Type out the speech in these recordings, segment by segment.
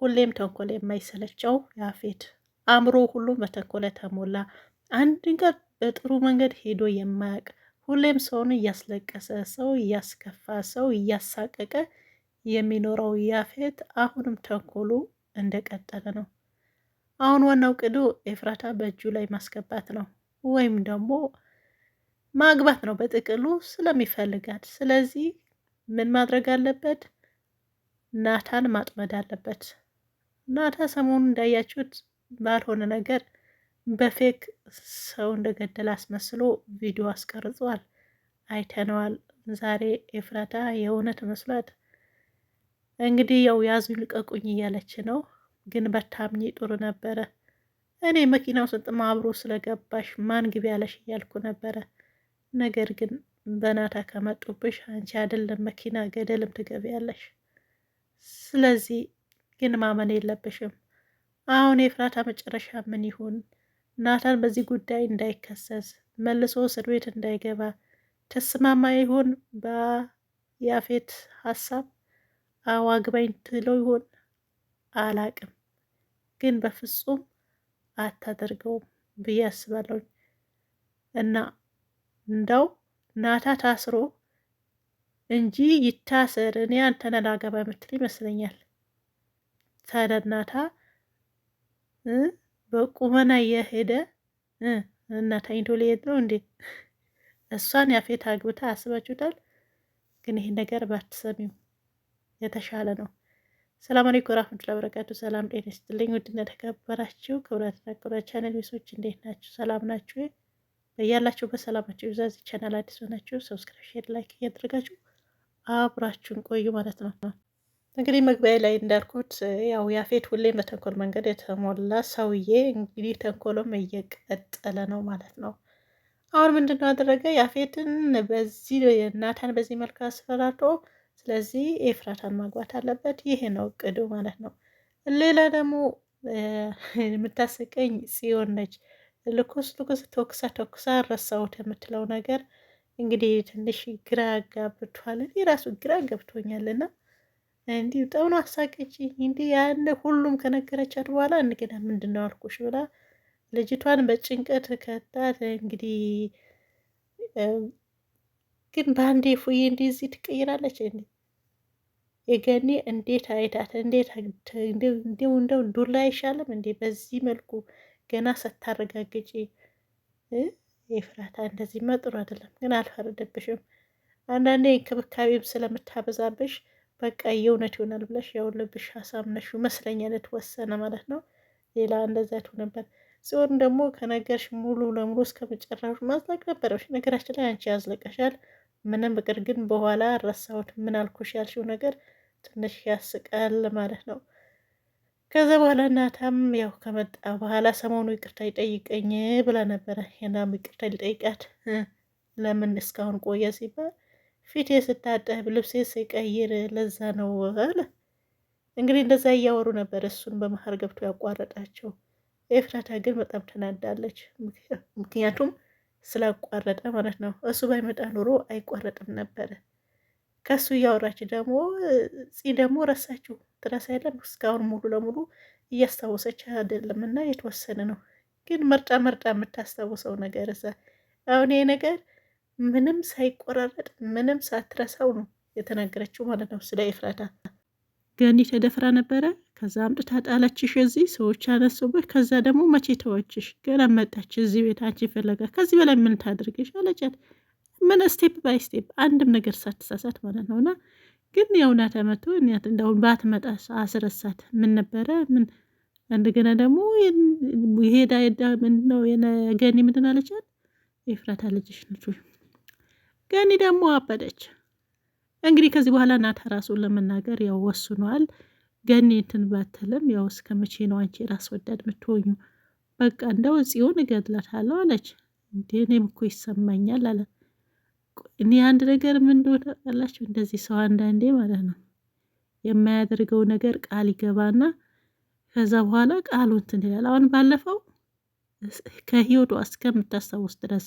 ሁሌም ተንኮል የማይሰለቸው ያፌት አእምሮ ሁሉም በተንኮለ ተሞላ። አንድ ቀን በጥሩ መንገድ ሄዶ የማያውቅ ሁሌም ሰውን እያስለቀሰ ሰው እያስከፋ ሰው እያሳቀቀ የሚኖረው ያፌት አሁንም ተንኮሉ እንደቀጠለ ነው። አሁን ዋናው ቅዱ ኤፍራታ በእጁ ላይ ማስገባት ነው ወይም ደግሞ ማግባት ነው በጥቅሉ ስለሚፈልጋት። ስለዚህ ምን ማድረግ አለበት? ናታን ማጥመድ አለበት። ናታ ሰሞኑን እንዳያችሁት ባልሆነ ነገር በፌክ ሰው እንደገደለ አስመስሎ ቪዲዮ አስቀርጿል፣ አይተነዋል። ዛሬ ኤፍራታ የእውነት መስሏት እንግዲህ ያው ያዙኝ ልቀቁኝ እያለች ነው። ግን በታምኝ ጥሩ ነበረ። እኔ መኪናው ስንጥማ አብሮ ስለገባሽ ማን ግቢ ያለሽ እያልኩ ነበረ። ነገር ግን በናታ ከመጡብሽ አንቺ አይደለም መኪና ገደልም ትገቢያለሽ። ስለዚህ ግን ማመን የለብሽም። አሁን የፍራታ መጨረሻ ምን ይሁን? ናታን በዚህ ጉዳይ እንዳይከሰስ መልሶ እስር ቤት እንዳይገባ ተስማማ ይሆን? በያፌት ሀሳብ አዋግባኝ ትለው ይሆን? አላቅም፣ ግን በፍጹም አታደርገውም ብዬ አስባለሁ እና እንደው ናታ ታስሮ እንጂ ይታሰር እኔ አንተን አላገባ የምትል ይመስለኛል። ሳዳናታ በቁመና እየሄደ እና ተኝቶ ሊሄድ ነው እንዴ? እሷን ያፌት አግብታ አስባችሁታል? ግን ይህ ነገር ባትሰሚው የተሻለ ነው። ሰላም አለይኩም ወራህመቱላሂ ወበረካቱሁ። ሰላም ጤና ይስጥልኝ። እንደተከበራችሁ ተከበራችሁ ክብራት ተከበራ ቻናል ቤቶች እንዴት ናችሁ? ሰላም ናችሁ? በያላችሁበት ሰላማችሁ ይብዛ። ቻናል አዲስ ሆናችሁ ሰብስክራይብ፣ ሼር፣ ላይክ እያደረጋችሁ አብራችሁን ቆዩ ማለት ነው። እንግዲህ መግቢያ ላይ እንዳልኩት ያው ያፌት ሁሌም በተንኮል መንገድ የተሞላ ሰውዬ እንግዲህ ተንኮሎም እየቀጠለ ነው ማለት ነው። አሁን ምንድን ነው ያደረገ? ያፌትን በዚህ ናታን በዚህ መልክ አስፈራርቶ፣ ስለዚህ ኤፍራታን ማግባት አለበት። ይሄ ነው እቅዱ ማለት ነው። ሌላ ደግሞ የምታሰቀኝ ጽዮን ነች። ልኩስ ልኩስ ተኩሳ ተኩሳ ረሳሁት የምትለው ነገር እንግዲህ ትንሽ ግራ ገብቷል። ራሱ ግራ ገብቶኛልና እንዲህ በጣም ነው አሳቀችኝ። እንዲህ ያን ሁሉም ከነገረቻት በኋላ እንግዳ ምንድን ነው አልኩሽ ብላ ልጅቷን በጭንቀት ከታት። እንግዲህ ግን በአንዴ ፉዬ እንደዚህ ትቀይራለች። የገኔ እንዴት አይታት እንዴት እንደው እንደው ዱላ አይሻልም እንዴ? በዚህ መልኩ ገና ሳታረጋግጪ የፍራታ እንደዚህማ ጥሩ አይደለም። ግን አልፈረደብሽም። አንዳንዴ እንክብካቤም ስለምታበዛብሽ በቃ የእውነት ይሆናል ብለሽ ያው ልብሽ አሳምነሽ ይመስለኛል የተወሰነ ማለት ነው። ሌላ እንደዛ ትሆን ነበር። ጽዮን ደግሞ ከነገርሽ ሙሉ ለሙሉ እስከ መጨረሻ ማዝለቅ ነበረብሽ። ነገራችን ላይ አንቺ ያዝለቀሻል ምንም ብቅር ግን በኋላ ረሳሁት ምን አልኩሽ ያልሽው ነገር ትንሽ ያስቃል ማለት ነው። ከዛ በኋላ እናታም ያው ከመጣ በኋላ ሰሞኑ ይቅርታ ይጠይቀኝ ብላ ነበረ። ይሄናም ይቅርታ ሊጠይቃት ለምን እስካሁን ቆየ ሲባል ፊቴ ስታጠብ ልብሴ ስቀይር ለዛ ነው አለ። እንግዲህ እንደዛ እያወሩ ነበር። እሱን በመሀል ገብቶ ያቋረጣቸው ኤፍራታ ግን በጣም ተናዳለች። ምክንያቱም ስላቋረጠ ማለት ነው። እሱ ባይመጣ ኖሮ አይቋረጥም ነበረ። ከሱ እያወራች ደግሞ ፂ ደግሞ ረሳችው ትረሳ የለም እስካሁን ሙሉ ለሙሉ እያስታወሰች አይደለም፣ እና የተወሰነ ነው ግን መርጣ መርጣ የምታስታውሰው ነገር እዛ አሁን ይሄ ነገር ምንም ሳይቆራረጥ ምንም ሳትረሳው ነው የተናገረችው ማለት ነው ስለ ኤፍራታ። ገኒ ተደፍራ ነበረ። ከዛ አምጥታ ጣለችሽ፣ እዚህ ሰዎች አነሱብህ። ከዛ ደግሞ መቼ ተወችሽ? ገና መጣች እዚህ ቤት አንቺ ፈለጋ። ከዚህ በላይ ምን ታድርግሽ አለቻት። ምን ስቴፕ ባይ ስቴፕ አንድም ነገር ሳትሳሳት ማለት ነውና ግን የውና ተመቶ እኒያት እንደሁን ባትመጣ አስረሳት ምን ነበረ ምን እንደገና ደግሞ ይሄዳ ሄዳ ምንድነው የገኒ ምንድን አለቻት? ኤፍራታ ልጅሽ ነች ገኒ ደግሞ አበደች። እንግዲህ ከዚህ በኋላ ናታ ራሱን ለመናገር ያው ወስኗል። ገኒ እንትን ባትልም ያው እስከ መቼ ነው አንቺ ራስ ወዳድ የምትሆኙ? በቃ እንደው ጽዮን እገድላታለሁ አለች። እንዴ እኔም እኮ ይሰማኛል አለ። እኔ አንድ ነገር ምን እንደሆነ አላችሁ፣ እንደዚህ ሰው አንዳንዴ ማለት ነው የማያደርገው ነገር ቃል ይገባና ከዛ በኋላ ቃሉ እንትን ይላል። አሁን ባለፈው ከህይወቷ እስከምታስታውስ ድረስ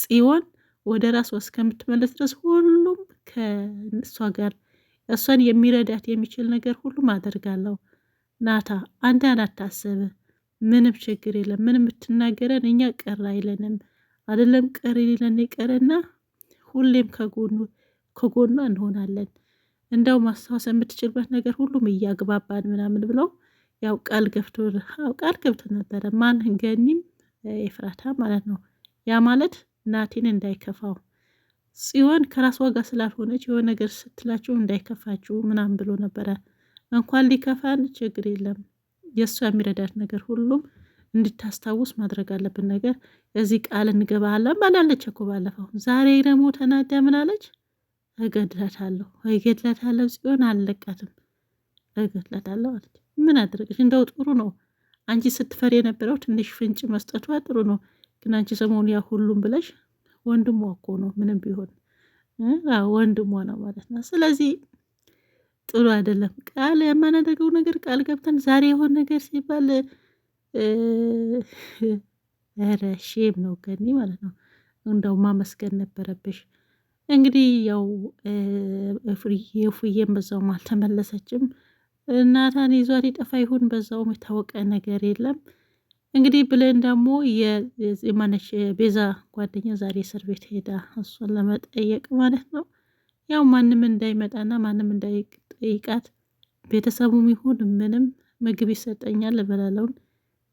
ጽዮን ወደ ራሷ እስከምትመለስ ድረስ ሁሉም ከእሷ ጋር እሷን የሚረዳት የሚችል ነገር ሁሉም አደርጋለሁ። ናታ አንተ አላታሰበ ምንም ችግር የለም። ምንም የምትናገረን እኛ ቀር አይለንም። አይደለም ቀር የሌለን ይቀርና ሁሌም ከጎኑ ከጎኗ እንሆናለን። እንደው ማስታወስ የምትችልበት ነገር ሁሉም እያግባባን ምናምን ብለው ያው ቃል ገብቶ ቃል ገብቶ ነበረ ማን ገኒም ኤፍራታ ማለት ነው ያ ማለት ናቲን እንዳይከፋው ጽዮን ከራስ ዋጋ ስላልሆነች የሆነ ነገር ስትላችሁ እንዳይከፋችሁ ምናምን ብሎ ነበረ። እንኳን ሊከፋን ችግር የለም የእሷ የሚረዳት ነገር ሁሉም እንድታስታውስ ማድረግ አለብን። ነገር እዚህ ቃል እንገባለን ባላለች እኮ ባለፈው። ዛሬ ደግሞ ተናዳ ምን አለች? እገድላታለሁ፣ እገድላታለሁ፣ ጽዮን አልለቃትም፣ እገድላታለሁ አለች። ምን አደረገች? እንደው ጥሩ ነው። አንቺ ስትፈሪ የነበረው ትንሽ ፍንጭ መስጠቷ ጥሩ ነው። ግን አንቺ ሰሞኑ ያ ሁሉም ብለሽ ወንድሟ እኮ ነው ምንም ቢሆን ወንድሟ ነው ማለት ነው። ስለዚህ ጥሩ አይደለም። ቃል የማናደርገው ነገር ቃል ገብተን ዛሬ የሆን ነገር ሲባል ኧረ ሼም ነው ገኒ ማለት ነው። እንደው ማመስገን ነበረብሽ። እንግዲህ ያው የፉዬም በዛውም አልተመለሰችም። እናታን ይዟት ይጠፋ ይሁን በዛውም የታወቀ ነገር የለም። እንግዲህ ብሌን ደግሞ የማነች ቤዛ ጓደኛ ዛሬ እስር ቤት ሄዳ እሷን ለመጠየቅ ማለት ነው። ያው ማንም እንዳይመጣና ማንም እንዳይጠይቃት ቤተሰቡም ይሁን ምንም ምግብ ይሰጠኛል እበላለውን፣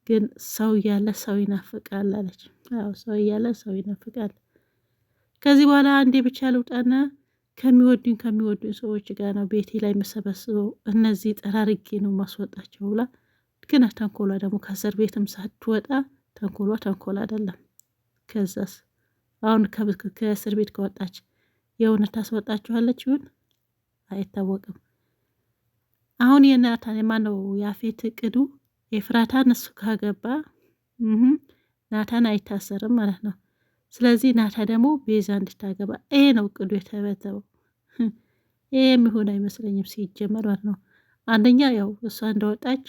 ግን ሰው እያለ ሰው ይናፍቃል አለች። ያው ሰው እያለ ሰው ይናፍቃል። ከዚህ በኋላ አንዴ ብቻ ልውጣና ከሚወዱኝ ከሚወዱኝ ሰዎች ጋር ነው ቤቴ ላይ መሰበስበው እነዚህ ጠራርጌ ነው ማስወጣቸው ብላ ግን ተንኮሏ ደግሞ ከእስር ቤትም ሳትወጣ ተንኮሏ ተንኮል አይደለም። ከዛስ አሁን ከእስር ቤት ከወጣች የእውነት ታስወጣችኋለች ይሁን አይታወቅም። አሁን የናታን የማነው ያፌት እቅዱ ኤፍራታን እሱ ካገባ ናታን አይታሰርም ማለት ነው። ስለዚህ ናታ ደግሞ ቤዛ እንድታገባ ይሄ ነው እቅዱ የተበተበው። ይሄ የሚሆን አይመስለኝም ሲጀመር ማለት ነው። አንደኛ ያው እሷ እንደወጣች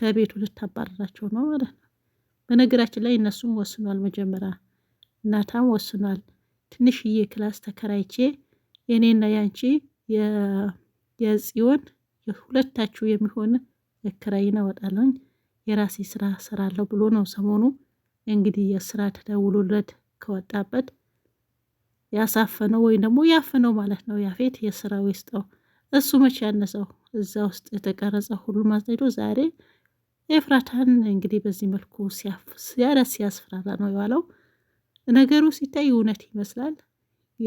ከቤቱ ልታባረራቸው ነው ማለት ነው። በነገራችን ላይ እነሱም ወስኗል። መጀመሪያ እናታም ወስኗል። ትንሽዬ ክላስ ተከራይቼ የኔና ያንቺ የጽዮን ሁለታችሁ የሚሆን እከራይና ወጣለኝ የራሴ ስራ ሰራለሁ ብሎ ነው ሰሞኑ እንግዲህ የስራ ተደውሎለት ከወጣበት ያሳፈነው ወይም ደግሞ ያፈነው ማለት ነው። ያፌት የስራ ውስጠው እሱ መቼ ያነሰው እዛ ውስጥ የተቀረጸ ሁሉ ማስታይቶ ዛሬ ኤፍራታን እንግዲህ በዚህ መልኩ ያለ ሲያስፈራራ ነው የዋለው። ነገሩ ሲታይ እውነት ይመስላል።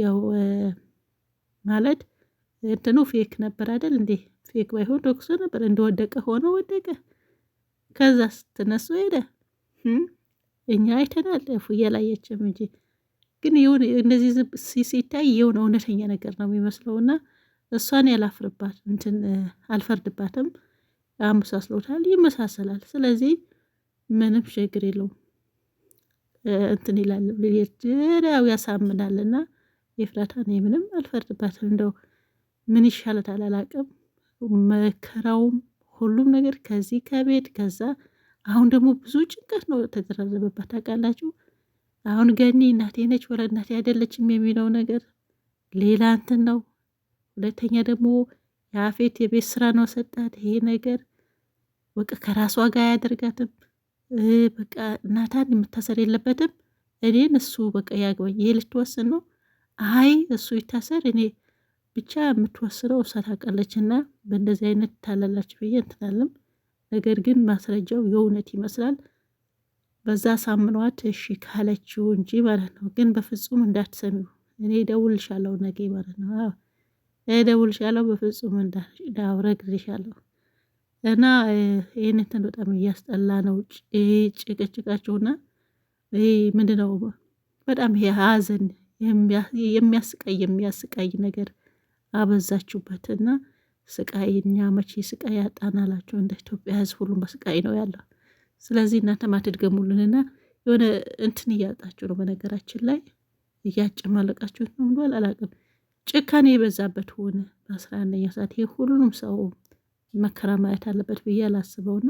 ያው ማለት እንትኑ ፌክ ነበር አይደል እንዴ? ፌክ ባይሆን ዶክሶ ነበር። እንደወደቀ ሆኖ ወደቀ። ከዛ ስትነሱ ሄደ። እኛ አይተናል። ፉዬ አላየችም እንጂ ግን የሆነ ሲታይ የሆነ እውነተኛ ነገር ነው እና እሷን ያላፍርባት እንትን አልፈርድባትም። አመሳስሎታል፣ ይመሳሰላል። ስለዚህ ምንም ችግር የለውም እንትን ይላል ብሄርድራዊ ያሳምናልና ኤፍራታ እኔ ምንም አልፈርድባትም። እንደው ምን ይሻለታል አላቅም። መከራውም ሁሉም ነገር ከዚህ ከቤት ከዛ አሁን ደግሞ ብዙ ጭንቀት ነው ተደራረበባት። ታውቃላችሁ አሁን ገኒ እናቴ ነች ወላ እናቴ አይደለችም የሚለው ነገር ሌላ እንትን ነው። ሁለተኛ ደግሞ የአፌት የቤት ስራ ነው ሰጣት ይሄ ነገር በቃ ከራሷ ጋር አያደርጋትም። በቃ ናታን የምታሰር የለበትም እኔን እሱ በቃ ያግባኝ። ይሄ ልትወስን ነው። አይ እሱ ይታሰር እኔ ብቻ የምትወስነው እሳት ታውቃለች። እና በእንደዚህ አይነት ታለላች ብዬ እንትናለም። ነገር ግን ማስረጃው የእውነት ይመስላል። በዛ ሳምኗት እሺ ካለችው እንጂ ማለት ነው። ግን በፍጹም እንዳትሰሚው እኔ እደውልልሻለሁ ነገ ማለት ነው። እደውልልሻለሁ በፍጹም እንዳረግልሻለሁ እና ይሄን በጣም እያስጠላ ነው። ይሄ ጭቅጭቃቸውና ምንድ ነው በጣም ይሄ ሀዘን የሚያስቀይ የሚያስቃይ ነገር አበዛችሁበት እና ስቃይ እኛ መቼ ስቃይ ያጣናላቸው እንደ ኢትዮጵያ ህዝብ ሁሉም በስቃይ ነው ያለው። ስለዚህ እናንተ ማትድገሙልንና የሆነ እንትን እያጣችሁ ነው። በነገራችን ላይ እያጨማለቃችሁት ነው ብሏል። አላውቅም ጭካኔ የበዛበት ሆነ በአስራ አንደኛ ሰዓት ይሄ ሁሉም ሰው መከራ ማየት አለበት ብዬ አላስበውና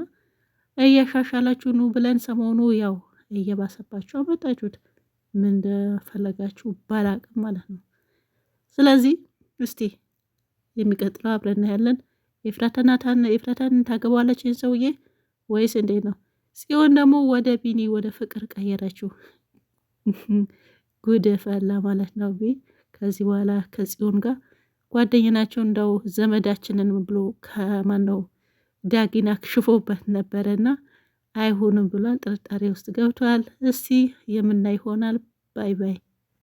እያሻሻላችሁ ኑ ብለን ሰሞኑ ያው እየባሰባችሁ አመጣችሁት። ምን እንደፈለጋችሁ ባላቅም ማለት ነው። ስለዚህ እስቲ የሚቀጥለው አብረና ያለን ኤፍራታናታን ታገባዋለችን ሰውዬ ወይስ እንዴት ነው? ጽዮን ደግሞ ወደ ቢኒ ወደ ፍቅር ቀየረችው። ጉድ ፈላ ማለት ነው። ከዚህ በኋላ ከጽዮን ጋር ጓደኛናቸው እንደው ዘመዳችንን ብሎ ከማነው ዳጊና ክሽፎበት ነበረና አይሆንም ብሏል። ጥርጣሬ ውስጥ ገብቷል። እስቲ የምናይ ይሆናል። ባይ ባይ